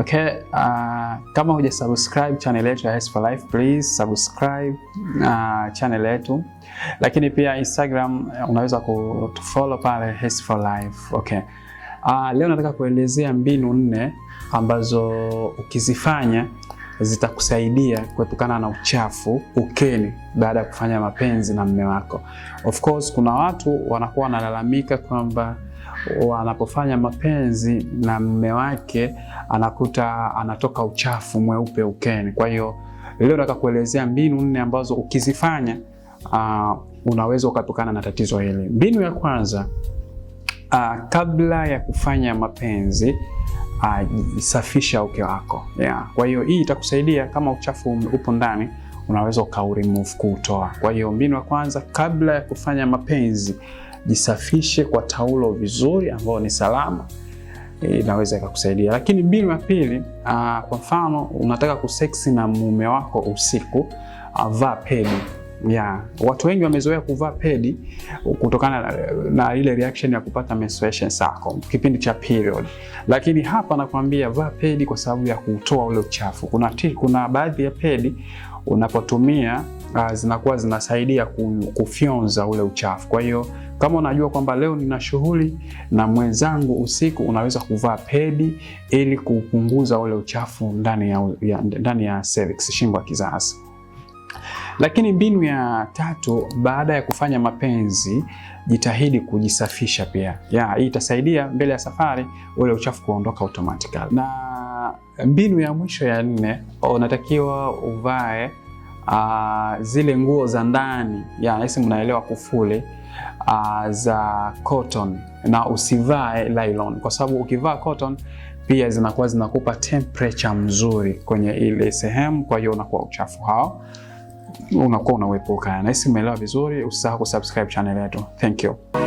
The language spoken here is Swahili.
Okay, uh, kama huja subscribe channel yetu ya Hes for Life, please subscribe uh, channel yetu, lakini pia Instagram uh, unaweza kutufollow pale Hes for Life. Okay. Uh, leo nataka kuelezea mbinu nne ambazo ukizifanya zitakusaidia kuepukana na uchafu ukeni baada ya kufanya mapenzi na mme wako. Of course kuna watu wanakuwa wanalalamika kwamba wanapofanya mapenzi na mme wake anakuta anatoka uchafu mweupe ukeni. Kwa hiyo leo nataka kuelezea mbinu nne ambazo ukizifanya uh, unaweza ukatokana na tatizo hili. Mbinu ya kwanza, uh, kabla ya kufanya mapenzi uh, ah, safisha uke wako yeah. Kwa hiyo hii itakusaidia kama uchafu upo ndani unaweza uka kuutoa. Kwa hiyo mbinu ya kwanza kabla ya kufanya mapenzi jisafishe kwa taulo vizuri ambayo ni salama, e, inaweza ikakusaidia. Lakini mbinu ya pili, kwa mfano unataka kuseksi na mume wako usiku, vaa pedi ya yeah. watu wengi wamezoea kuvaa pedi kutokana na, na ile reaction ya kupata menstruation sako kipindi cha period, lakini hapa nakwambia vaa pedi kwa sababu ya kutoa ule uchafu. Kuna, kuna baadhi ya pedi unapotumia uh, zinakuwa zinasaidia kufyonza ule uchafu, kwa hiyo kama unajua kwamba leo nina shughuli na mwenzangu usiku, unaweza kuvaa pedi ili kupunguza ule uchafu ndani ya, ya, ndani ya cervix, shingo ya kizazi. Lakini mbinu ya tatu, baada ya kufanya mapenzi, jitahidi kujisafisha pia. Ya, hii itasaidia mbele ya safari ule uchafu kuondoka automatically. Na mbinu ya mwisho ya nne, unatakiwa uvae uh, zile nguo za ndani, yaani mnaelewa kufuli uh, za cotton na usivae nylon, kwa sababu ukivaa cotton pia zinakuwa zinakupa temperature mzuri kwenye ile sehemu, kwa hiyo unakuwa uchafu hao unakuwa unauepuka. Nahisi umeelewa vizuri. Usisahau kusubscribe channel yetu. Thank you.